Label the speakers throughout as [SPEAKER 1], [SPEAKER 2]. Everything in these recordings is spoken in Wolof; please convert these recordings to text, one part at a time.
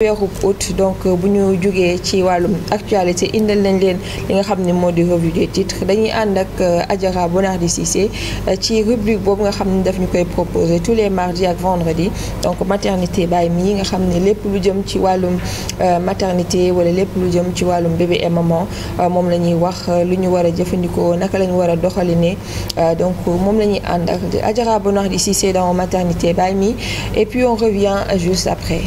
[SPEAKER 1] weeru août donc euh, bu ñu jógee ci wàllum actualité indal nañ leen li nga xam ne moo di revue des titres dañuy ànd ak euh, Adjara Bonardi Cissé euh, ci rubrique boobu nga xam ne daf ñu koy proposé tous les mardis ak vendredis donc maternité baay mi nga xam ne lépp lu jëm ci wàllum maternité wala lépp lu jëm ci wàllum bébé et moom la ñuy wax lu ñu war a jëfandikoo naka la ñu war a doxalinee donc moom la ñuy ànd ak Adjara Bonardi Cissé dans maternité baay mi et puis on revient juste après.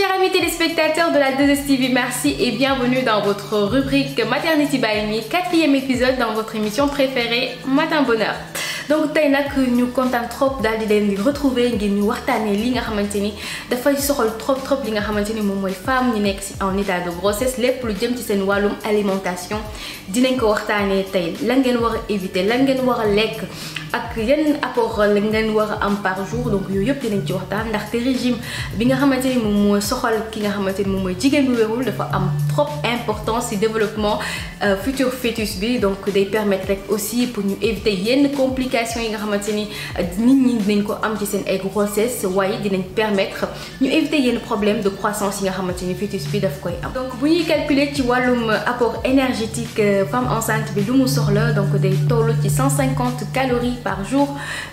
[SPEAKER 1] Chers amis téléspectateurs de la 2STV, merci et bienvenue dans votre rubrique Maternity by Me, quatrième épisode dans votre émission préférée Matin Bonheur. donc tey nag ñu kontaan trop daal di leen di retrouver ngir ñu waxtaanee li nga xamante ni dafay soxal trop trop li nga xamante ni moom mooy femme ñu nekk ci en état de grossesse lépp lu jëm ci seen wàllum alimentation dinañ ko waxtaanee tey lan ngeen war a éviter lan ngeen war a lekk ak yenn apport lañ leen war a am par jour donc yooyu yëpp dinañ ci waxtaan ndaxte régime bi nga xamante ni moom mooy soxal ki nga xamante ni moom mooy jigéen bu wérul dafa am trop importance ci développement euh, futur fœtus bi donc de permettre rek aussi pour ñu éviter yenn complications yi nga xamante ni euh, nit ñi dinañ ko am ci seen ay grossesse waaye dinañ permettre ñu éviter yenn problème de croissance yi nga xamante ni fœtus bi daf koy am. donc bu ñuy calculer ci wàllum apport énergétique euh, femme enceinte bi lu mu soxla donc day toll ci 150 calories. minutes par jour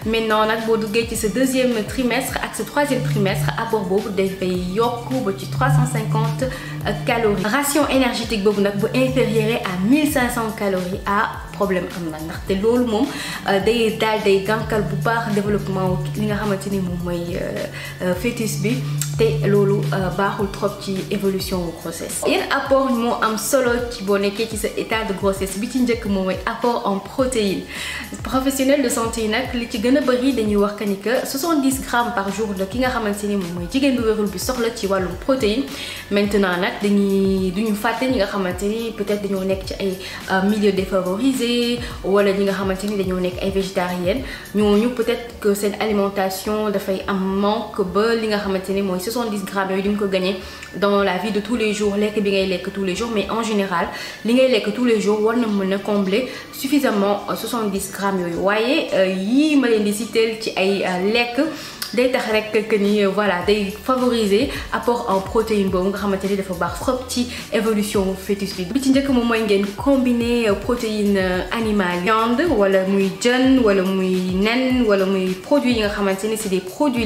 [SPEAKER 1] maintenant nag boo duggee ci sa deuxième trimestre ak sa troisième trimestre apport boobu dafay yokk ba ci 350 calories ration énergétique boobu nag bu inférieure à 1500 calories à ah, problème am na ndaxte loolu moom euh, day daal day gànkal bu baax développement li nga xamante ni moom mooy euh, euh, fœtus bi te loolu euh, baaxul trop ci évolution wu grossesse yenn apport moo am solo ci boo nekkee ci sa état de grossesse bi ci njëkk moom mooy apport en protéines professionnel de santé yi nag li ci gën a bëri dañuy wax que ni que 70 grammes par jour la ki nga xamante ni moom mooy jigéen bu wérul bi soxla ci wàllum protéine maintenant nag dañuy duñu fàtte ñi nga xamante ni peut-être dañoo nekk ci ay euh, milieu défavorisé wala ñi nga xamante ni dañoo nekk ay végétarienne ñooñu peut-être que seen alimentation dafay am manque li nga xamante ni 70 grammes yooyu di nga ko gagné dans la vie de tous les jours lekk bi ngay lekk tous les jours mais en général li ngay lekk tous les jours war na mën a combler suffisamment 70 euh, grammes yooyu waaye euh, yii ma leen di citer ci ay euh, lekk. day tax rek que ni voilà day favoriser apport en protéine boobu nga xamante ni dafa baax trop ci évolution fœtus bi bi ci njëkk moom mooy ngeen combiner protéine animale viande wala muy jën wala muy nen wala muy produit yi nga xamante ni c'est des produits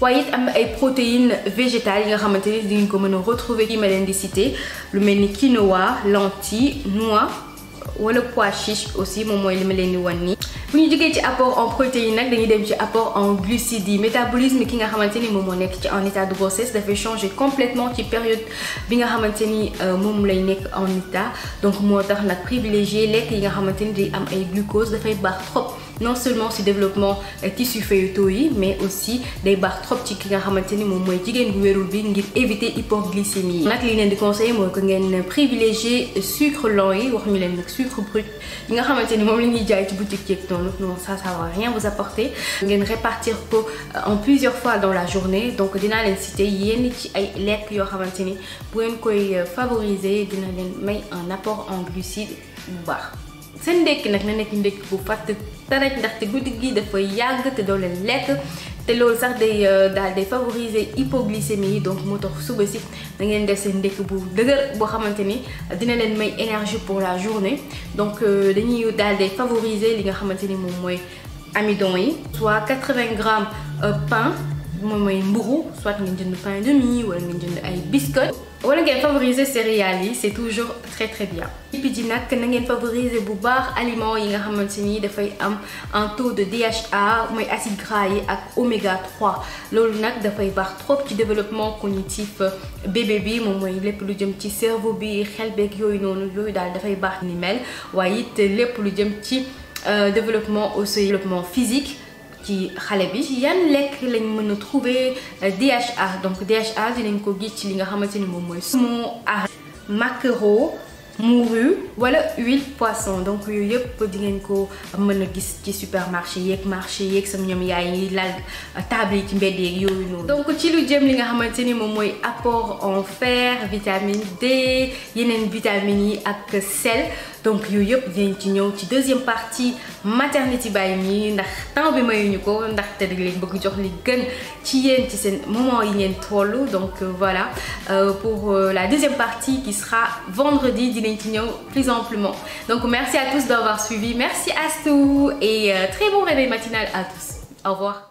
[SPEAKER 1] waaye it am ay protéines végétale yi nga xamante ni di nga ko mën a retrouver yi ma leen di lu mel ni quinoa lentilles noix wala pois chiche aussi moom mooy li ma leen di wan nii. bu ñu jógee ci apport en protéines nag dañuy dem ci apport en glucides yi métabolisme ki nga xamante ni moom moo nekk ci en état de grossesse dafay changer complètement ci période bi nga xamante ni euh, moom lay nekk en état donc moo tax nag privilégier lekk yi nga xamante ni day am ay glucose dafay baax trop. non seulement si développement euh, tissu feuilleteux yi mais aussi day baax trop ci ki nga xamante ni moom mooy jigéen bu wérul bi ngir éviter hypoglycémie yi nag li leen di conseiller mooy que ngeen privilégier sucre lent yi wax ñu leen nag sucre brut yi nga xamante ni moom la ñuy jaay ci boutique yeeg noonu non ça ça rien vous apporter ngeen répartir ko euh, en plusieurs fois dans la journée donc dinaa leen citer yenn ci ay lekk yoo xamante ni bu ngeen koy euh, favoriser dina leen may un apport en glucides bu baax seen ndekki nag na nekk ndékki bu fàtt taraj te guddi gi dafa yàgg te doo leen lekk te loolu sax day euh, daal day favoriser hypoglycémie yi donc moo tax suba si da ngeen def seen ndékki bu dëgër boo xamante ni dina leen may énergie pour la donc euh, dañuy daal day li nga xamante ni moom mooy amidon yi soit 80 grammes euh, pain moom mooy mburu soit ngeen jënd pain de mie wala ngeen jënd ay biscottes wala ngeen favoriser céréales yi c'est toujours très très bien bi ji nag na ngeen favoriser bu baax aliment yi nga xamante nii dafay am un taux de DHA mooy acide gras yi ak oméga 3 loolu nag dafay baax trop ci développement cognitif euh, bébé bi moom mooy lépp lu jëm ci cerveau bi xel beeg yooyu noonu yooyu daal dafay baax ni mel waaye it lépp lu jëm ci euh, développement aussi développement physique ci xale bi yan lekk lañ mën a trouver euh, DHA donc DHA dinañ ko gis ci li nga xamante ni moom mooy sumo ah maquereau mouru wala huile poisson donc yooyu yëpp di ngeen ko mën a gis ci supermarché yeeg marché yeeg sam ñoom yaay yi lal table yi ci mbedd yeeg yooyu noonu. donc ci lu jëm li nga xamante ni moom mooy apport en fer vitamine D yeneen vitamines yi ak sel donc yooyu yëpp dinañ ci ñëw ci deuxième partie maternity by me ndax temps bi mayuñu ko ndaxte di leen bëgg jox li gën ci yéen ci seen moment yi ngeen toll donc voilà euh, pour euh, la deuxième partie qui sera vendredi dinañ ci ñëw plus amplement donc merci à tous d'avoir suivi merci Astou et euh, très bon réveil matinal à tous au revoir